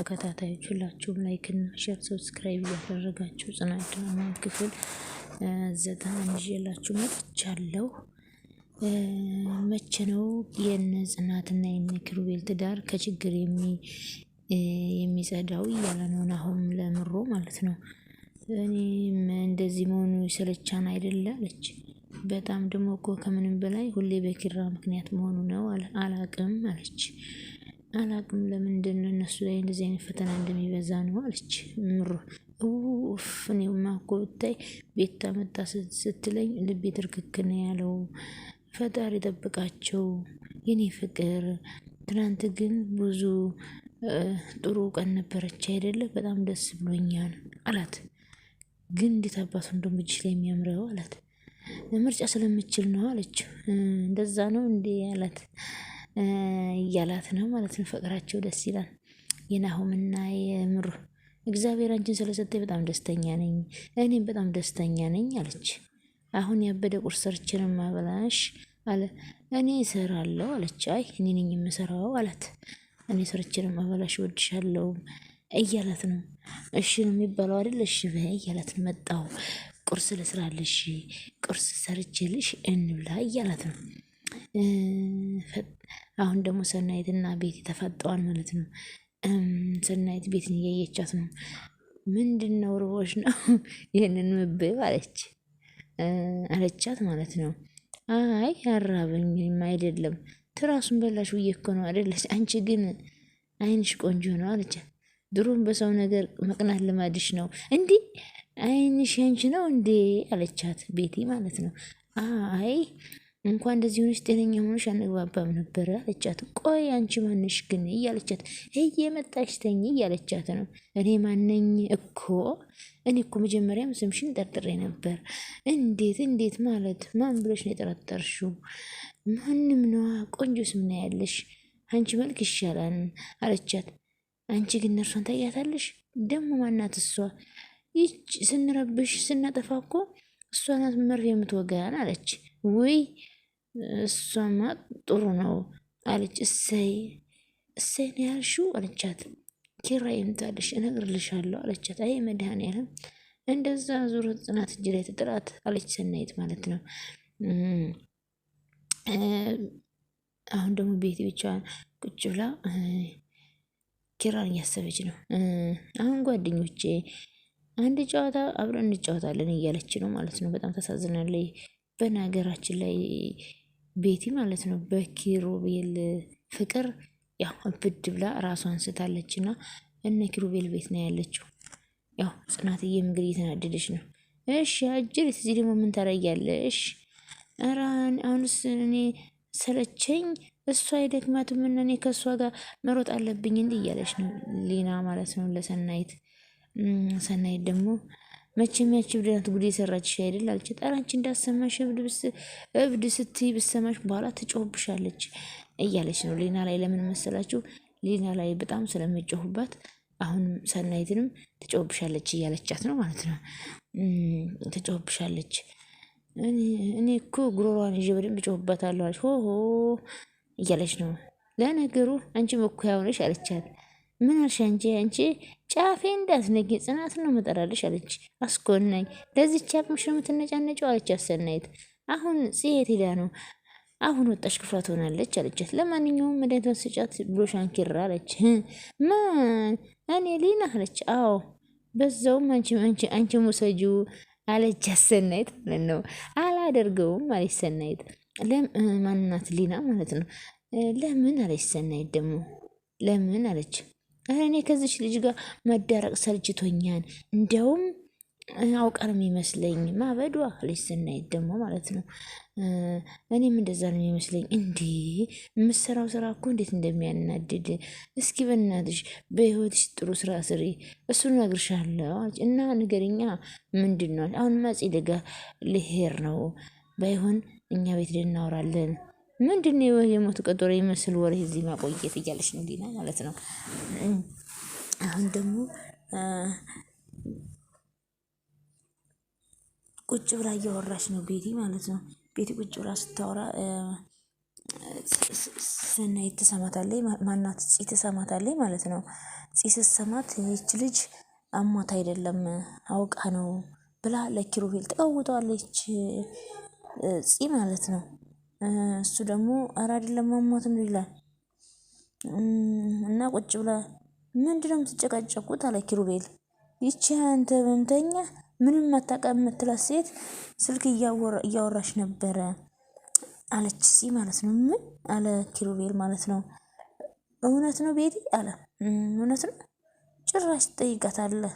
ተከታታዮች ሁላችሁም ላይክ እና ሼር ሰብስክራይብ እያደረጋችሁ ጽናት ድራማን ክፍል ዘጠና ይዤላችሁ መጥቻለሁ። መቼ ነው የነ ጽናትና የነ ኪሩቤል ትዳር ከችግር የሚጸዳው እያለ ነው አሁን ለምሮ ማለት ነው። እኔም እንደዚህ መሆኑ ስልቻን አይደለ አለች። በጣም ደሞ እኮ ከምንም በላይ ሁሌ በኪራ ምክንያት መሆኑ ነው አላቅም አለች። አላቅም ለምንድን ነው እነሱ ላይ እንደዚህ አይነት ፈተና እንደሚበዛ ነው አለች ምሮ። ኡፍ እኔማ እኮ ብታይ ቤት መጣ ስትለኝ ልቤ ትርክክ ነው ያለው። ፈጣሪ ጠብቃቸው የኔ ፍቅር። ትናንት ግን ብዙ ጥሩ ቀን ነበረች አይደለ? በጣም ደስ ብሎኛል አላት። ግን እንዴት አባቱ እንደም እጅሽ ላይ የሚያምረው አላት። ምርጫ ስለምችል ነው አለችው። እንደዛ ነው እንዴ አላት። እያላት ነው ማለት ነው። ፍቅራቸው ደስ ይላል። የናሁምና የምሩ እግዚአብሔር አንቺን ስለሰጠኝ በጣም ደስተኛ ነኝ፣ እኔም በጣም ደስተኛ ነኝ አለች። አሁን ያበደ ቁርስ ሰርችንም አበላሽ አለ። እኔ እሰራለሁ አለች። አይ እኔ ነኝ የምሰራው አላት። እኔ ሰርችንም አበላሽ ወድሻለሁ እያላት ነው። እሺ ነው የሚባለው አይደል? እሺ በይ እያላት ነው። መጣው ቁርስ ልስራልሽ፣ ቁርስ ሰርችልሽ እንብላ እያላት ነው። አሁን ደግሞ ሰናይትና ቤቲ ተፈጠዋል ማለት ነው። ሰናይት ቤትን እያየቻት ነው። ምንድን ነው ርቦች ነው ይህንን ምብብ አለች አለቻት ማለት ነው። አይ አራበኝም አይደለም ትራሱን በላሽ ብዬ እኮ ነው አደለች። አንቺ ግን አይንሽ ቆንጆ ነው አለቻ ድሮም በሰው ነገር መቅናት ልማድሽ ነው እንዲ አይንሽ ያንቺ ነው እንዴ አለቻት ቤቲ ማለት ነው። አይ እንኳን እንደዚህ ሆነሽ ጤነኛ ሆነሽ አንግባባም ነበረ አለቻት። ቆይ አንቺ ማንሽ ግን እያለቻት እየመጣሽ ተኝ እያለቻት ነው። እኔ ማነኝ እኮ እኔ እኮ መጀመሪያም ስምሽን ጠርጥሬ ነበር። እንዴት እንዴት ማለት ማን ብሎች ነው የጠረጠርሽው? ማንም ነዋ። ቆንጆ ስም ነው ያለሽ፣ አንቺ መልክ ይሻላል አለቻት። አንቺ ግን እርሷን ታያታለሽ። ደግሞ ማናት እሷ? ይች ስንረብሽ ስናጠፋ እኮ እሷ ናት መርፌ የምትወጋን አለች። ውይ እሷማ ጥሩ ነው አለች። እሰይ እሰይ ነው ያልሽው አለቻት። ኪራ ይምታልሽ እነግርልሻለሁ አለቻት። አይ መድኃኔዓለም እንደዛ ዙር ጽናት እጅ ላይ ትጥላት አለች። ሰናይት ማለት ነው። አሁን ደግሞ ቤት ብቻዋን ቁጭ ብላ ኪራን እያሰበች ነው። አሁን ጓደኞቼ አንድ ጨዋታ አብረን እንጫወታለን እያለች ነው ማለት ነው። በጣም ታሳዝናለች። በነገራችን ላይ ቤቲ ማለት ነው በኪሩቤል ፍቅር ያው ብድ ብላ ራሷን ስታለች እና እነ ኪሩቤል ቤት ነው ያለችው። ያው ጽናትዬም እንግዲህ እየተናደደች ነው። እሺ አጅር እዚህ ደግሞ ምን ታረጊያለሽ? ራን አሁንስ እኔ ሰለቸኝ፣ እሷ አይደክማትም እና እኔ ከእሷ ጋር መሮጥ አለብኝ እንዲህ እያለች ነው ሊና ማለት ነው ለሰናይት። ሰናይት ደግሞ መቼም ያቺ እብድ ናት ጉድ የሰራችሽ አይደል አለቻት። ኧረ አንቺ እንዳሰማሽ እብድ ስትይ ብሰማሽ በኋላ ትጮህብሻለች እያለች ነው ሌና ላይ። ለምን መሰላችሁ ሌና ላይ በጣም ስለምጮሁባት አሁንም ሰናይትንም ትጮህብሻለች እያለቻት ነው ማለት ነው። ትጮህብሻለች እኔ እኮ ጉሮሯን ይዤ በደንብ እጮህባታለሁ አለች። ሆሆ እያለች ነው። ለነገሩ አንቺ እኮ ያው አለቻት። ምን አልሽ አንቺ አንቺ ጫፌ እንዳትነጊ ጽናት ነው መጠራልሽ አለች አስኮናኝ ለዚች አቅምሽ ነው የምትነጫነጨው አለች አሰናይት አሁን ጽሄት ሄዳ ነው አሁን ወጣሽ ክፍላ ትሆናለች አለቻት ለማንኛውም መድኃኒቷን ስጫት ብሎ ሻንኪራ አለች ማን እኔ ሊና አለች አዎ በዛውም አንቺ አንቺ አንቺ ሙሰጁ አለች አሰናይት ማለት ነው አላደርገውም አለች ሰናይት ማናት ሊና ማለት ነው ለምን አለች ሰናይት ደግሞ ለምን አለች እኔ ከዚች ልጅ ጋር መዳረቅ ሰልችቶኛል። እንዲያውም አውቀር የሚመስለኝ ማበዷ ልጅ ስናየት ደግሞ ማለት ነው። እኔም እንደዛ ነው የሚመስለኝ። እንዴ የምሰራው ስራ እኮ እንዴት እንደሚያናድድ! እስኪ በናትሽ በህይወትሽ ጥሩ ስራ ስሪ፣ እሱን እነግርሻለሁ እና ንገርኛ ምንድን ነው አሁን መጽ ልጋ ልሄር ነው፣ ባይሆን እኛ ቤት እናወራለን። ምንድነው የሞት ቀጠሮ የሚመስል ወሬ እዚህ ማቆየት እያለች ነው ዲና ማለት ነው። አሁን ደግሞ ቁጭ ብላ እያወራች ነው ቤቲ ማለት ነው። ቤቲ ቁጭ ብላ ስታወራ ሰናይት ትሰማታለች። ማናት ፂ ትሰማታለች ማለት ነው። ፂ ስትሰማት ይች ልጅ አሟት አይደለም አውቃ ነው ብላ ለኪሩቤል ተቃውጠዋለች ፂ ማለት ነው። እሱ ደግሞ ኧረ አይደለም ነው ይላል። እና ቁጭ ብላ ምንድነው የምትጨቃጨቁት አለ ኪሩቤል። ይቺ አንተ ህመምተኛ ምንም አታውቅም የምትላት ሴት ስልክ እያወራች ነበረ አለች ሲ ማለት ነው። ምን አለ ኪሩቤል ማለት ነው። እውነት ነው ቤቲ አለ። እውነት ነው ጭራሽ ትጠይቃታለህ።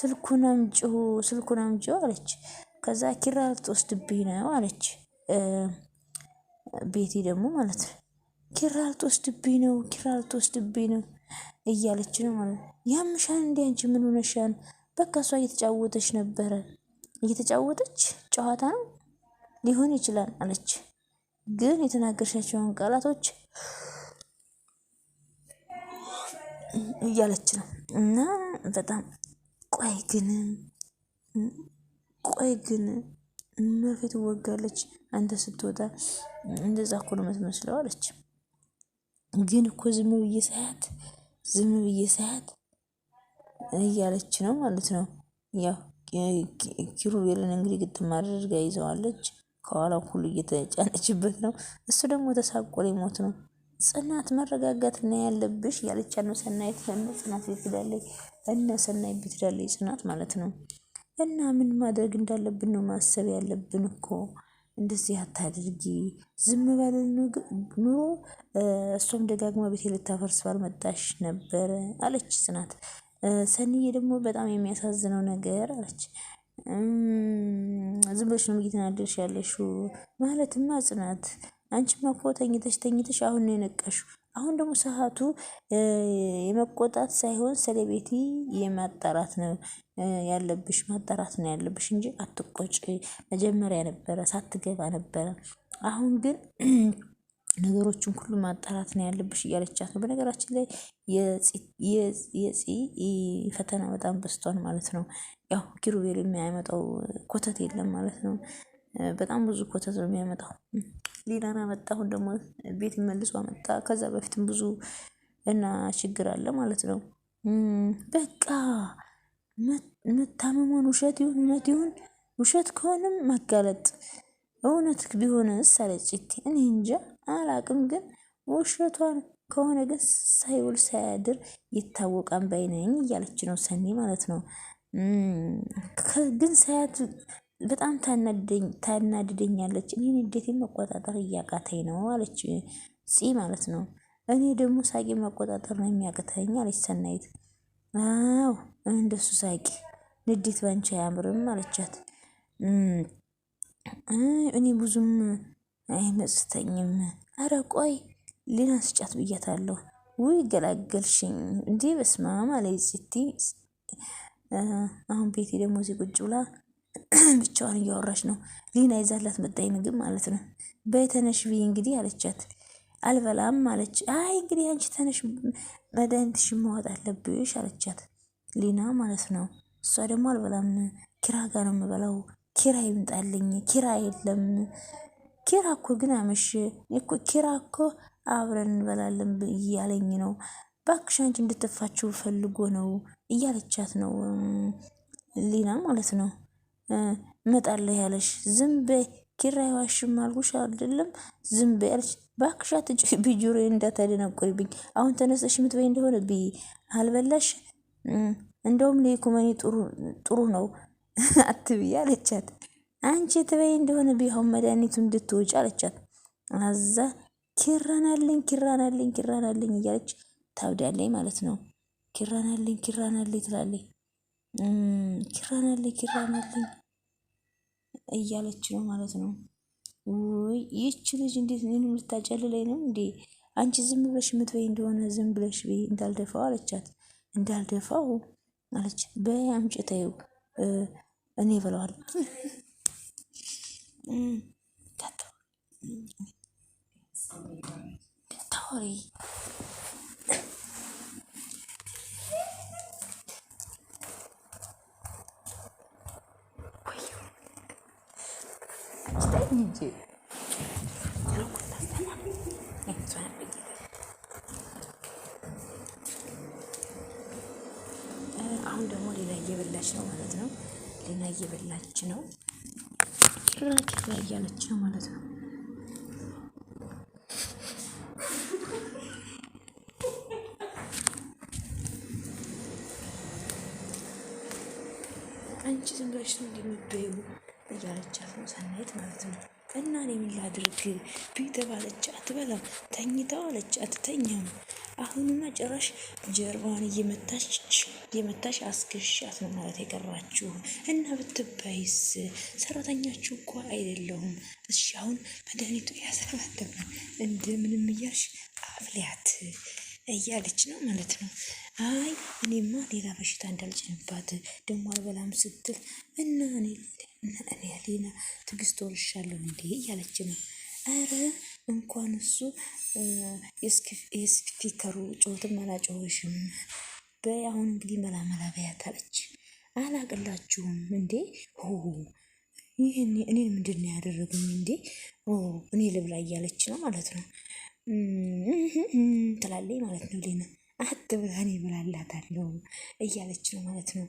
ስልኩን አምጪው፣ ስልኩን አምጪው አለች። ከዛ ኪራ ልትወስድብኝ ነው አለች። ቤቲ ደግሞ ማለት ነው ኪራ ልትወስድብኝ ነው፣ ኪራ ልትወስድብኝ ነው እያለች ነው ማለት ነው። ያምሻን እንዲ አንቺ ምን ሆነሻን? በቃ እሷ እየተጫወተች ነበረ፣ እየተጫወተች ጨዋታ ነው ሊሆን ይችላል አለች። ግን የተናገርሻቸውን ቃላቶች እያለች ነው እና በጣም ቆይ ግን ቆይ ግን መርፌ ትወጋለች። አንተ ስትወጣ እንደዛ እኮ ነው የምትመስለው አለች። ግን እኮ ዝም ብዬ ሳያት ዝም ብዬ ሳያት እያለች ነው ማለት ነው። ያው ኪሩቤልን እንግዲህ ግጥም አድርጋ ይዘዋለች። ከኋላው ሁሉ እየተጫነችበት ነው። እሱ ደግሞ ተሳቆ ሞት ነው። ጽናት መረጋጋት እና ያለብሽ ያለቻ ነው። ሰናይት እነ ጽናት ቤት ሄዳለች። እነ ሰናይት ቤት ሄዳለች ጽናት ማለት ነው። እና ምን ማድረግ እንዳለብን ነው ማሰብ ያለብን እኮ እንደዚህ አታድርጊ ዝም ባለ ኑሮ እሷም ደጋግማ ቤቴ ልታፈርስ ባልመጣሽ ነበረ አለች ጽናት። ሰኒዬ ደግሞ በጣም የሚያሳዝነው ነገር አለች ዝም ብለሽ ነው እየተናደድሽ ያለሽው ማለትማ ጽናት አንቺማ እኮ ተኝተሽ ተኝተሽ አሁን ነው የነቃሽው አሁን ደግሞ ሰዓቱ የመቆጣት ሳይሆን ሰለቤቲ የማጣራት ነው ያለብሽ፣ ማጣራት ነው ያለብሽ እንጂ አትቆጭ። መጀመሪያ ነበረ ሳትገባ ነበረ። አሁን ግን ነገሮችን ሁሉ ማጣራት ነው ያለብሽ እያለቻት ነው። በነገራችን ላይ የፂ ፈተና በጣም በስቷን ማለት ነው። ያው ኪሩቤል የሚያመጣው ኮተት የለም ማለት ነው። በጣም ብዙ ኮተት ነው የሚያመጣው። ሊዳና መጣ። አሁን ደግሞ ቤት መልሶ መጣ። ከዛ በፊትም ብዙ እና ችግር አለ ማለት ነው። በቃ መታመሙን ውሸት ይሁን እውነት ይሁን ውሸት ከሆነም መጋለጥ እውነት ቢሆንስ አለችቲ። እኔ እንጃ አላቅም፣ ግን ውሸቷን ከሆነ ግን ሳይውል ሳያድር ይታወቃን ባይነኝ እያለች ነው ሰኒ ማለት ነው። ግን ሳያት በጣም ታናድደኛለች። እኔ ንዴቴ መቆጣጠር እያቃተኝ ነው አለች ፂ ማለት ነው። እኔ ደግሞ ሳቂ መቆጣጠር ነው የሚያቅተኝ አለች ሰናይት። አዎ እንደሱ ሳቂ፣ ንዴት ባንቺ አያምርም አለቻት። እኔ ብዙም አይመጽተኝም። አረ ቆይ ሌላ ስጫት ብያታለሁ። ውይ ገላገልሽኝ እንዲህ በስማማ አለች ስቲ አሁን ቤቴ ደግሞ እዚህ ቁጭ ብላ ብቻዋን እያወራች ነው። ሊና ይዛላት መጣኝ ምግብ ማለት ነው። በተነሽ ብይ እንግዲህ አለቻት። አልበላም አለች። አይ እንግዲህ አንቺ ተነሽ መድኃኒትሽ ማወጥ አለብሽ አለቻት ሊና ማለት ነው። እሷ ደግሞ አልበላም ኪራ ጋር ነው የምበላው፣ ኪራ ይምጣልኝ፣ ኪራ የለም ኪራ እኮ ግን አመሽ እኮ ኪራ እኮ አብረን እንበላለን እያለኝ ነው። እባክሽ አንቺ እንድትፋችው ፈልጎ ነው እያለቻት ነው ሊና ማለት ነው። እመጣለሁ ያለሽ ዝም በይ ኪራ አይዋሽም አልኩሽ አይደለም ዝም በይ አለች። ባክሻ ትጮይብኝ ጆሮዬ እንዳታደነቁሪብኝ። አሁን ተነስተሽ ምትበይ እንደሆነ ብይ አልበላሽ እንደውም ለኢኮኖሚ ጥሩ ነው አትብይ አለቻት። አንቺ ትበይ እንደሆነ ብይ አሁን መድኃኒቱ እንድትወጪ አለቻት። አዛ ኪራናለኝ ኪራናለኝ ኪራናለኝ እያለች ታብዳለኝ ማለት ነው። ኪራናለኝ ኪራናለኝ ትላለኝ ኪራናለኝ ኪራናለኝ እያለች ነው ማለት ነው። ይህች ልጅ እንዴት ምን የምታጨልለኝ ነው እንዴ? አንቺ ዝም ብለሽ ምትበይ እንደሆነ ዝም ብለሽ በይ እንዳልደፋው አለቻት። እንዳልደፋው አለች። በአምጪ ተይው እኔ ብለዋል ታታወሪ አሁን ደግሞ ሌላ እየበላች ነው ማለት ነው። ሌላ እየበላች ነው እያለች ነው ማለት ነው። አንቺ ዝም ብለሽ ነው እያለቻት ነው ሰናይት ማለት ነው። እና እኔ ምን ላድርግ ቢጠብ አለች አትበላም፣ ተኝተው አለች አትተኛም። አሁንማ ጭራሽ ጀርባዋን እየመታች እየመታች አስገሻት ነው ማለት የቀራችሁ። እና ብትባይስ ሰራተኛችሁ እኮ አይደለሁም። እሺ አሁን መድኃኒቱ ያሰባደብ ነው እንደምንም እያልሽ አፍሊያት እያለች ነው ማለት ነው። አይ እኔማ ሌላ በሽታ እንዳልጭንባት ደግሞ አልበላም ስትል እና እኔ እኔ ያሌና ትዕግስት ወርሻለሁ እንዴ እያለች ነው። አረ እንኳን እሱ የስፒከሩ ጮትም አላጮሽም በይ አሁን እንግዲህ መላመላ በያት አለች። አላቅላችሁም እንዴ ሆ ይህን እኔን ምንድን ነው ያደረጉኝ እንዴ እኔ ልብላ እያለች ነው ማለት ነው ትላለች ማለት ነው። ሌና አትብላ እኔ ብላላታለሁ እያለች ነው ማለት ነው።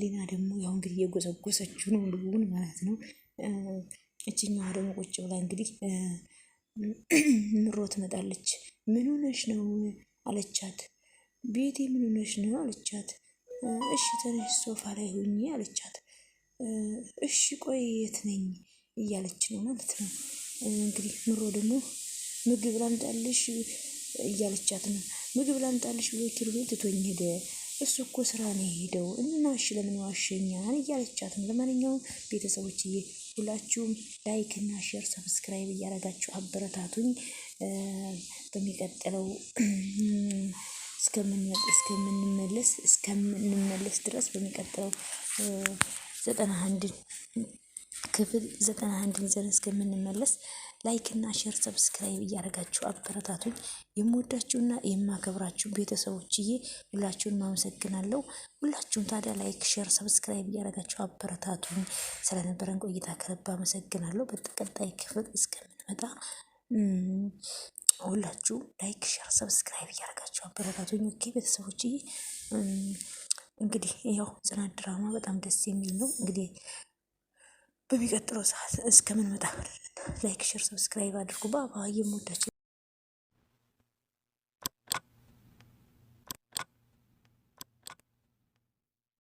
ሊና ደግሞ ያው እንግዲህ የጎዘጎሰችው ነው ልቡን ማለት ነው። እችኛዋ ደግሞ ቁጭ ብላ እንግዲህ ምሮ ትመጣለች። ምን ሆነሽ ነው አለቻት። ቤቴ ምን ሆነሽ ነው አለቻት። እሺ ተነሽ ሶፋ ላይ ሁኚ አለቻት። እሺ ቆይ የት ነኝ እያለች ነው ማለት ነው። እንግዲህ ምሮ ደግሞ ምግብ ላምጣልሽ እያለቻት ነው። ምግብ ላምጣልሽ ብሎ ኪሩቤል ትቶኝ ሄደ። እሱ እኮ ስራ ነው የሄደው እና እሺ ለምን ዋሸኛን? እያለቻት ነው። ለማንኛውም ቤተሰቦችዬ ሁላችሁም ላይክ እና ሼር ሰብስክራይብ እያደረጋችሁ አበረታቱኝ። በሚቀጥለው እስከምንመለስ እስከምንመለስ ድረስ በሚቀጥለው ዘጠና አንድን ክፍል ዘጠና አንድን ይዘን እስከምንመለስ ላይክ እና ሼር ሰብስክራይብ እያደረጋችሁ አበረታቱኝ። የምወዳችሁና የማከብራችሁ ቤተሰቦችዬ ሁላችሁን አመሰግናለሁ። ሁላችሁም ታዲያ ላይክ፣ ሼር፣ ሰብስክራይብ እያደረጋችሁ አበረታቱኝ። ስለነበረን ቆይታ ከልብ አመሰግናለሁ። በተቀጣይ ክፍል እስከምንመጣ ሁላችሁ ላይክ፣ ሼር፣ ሰብስክራይብ እያደረጋችሁ አበረታቱኝ። ኦኬ ቤተሰቦችዬ እንግዲህ ያው ጽናት ድራማ በጣም ደስ የሚል ነው እንግዲህ በሚቀጥለው ሰዓት እስከምንመጣ ላይክ፣ ሼር፣ ሰብስክራይብ አድርጉ። ባባ የምወዳቸው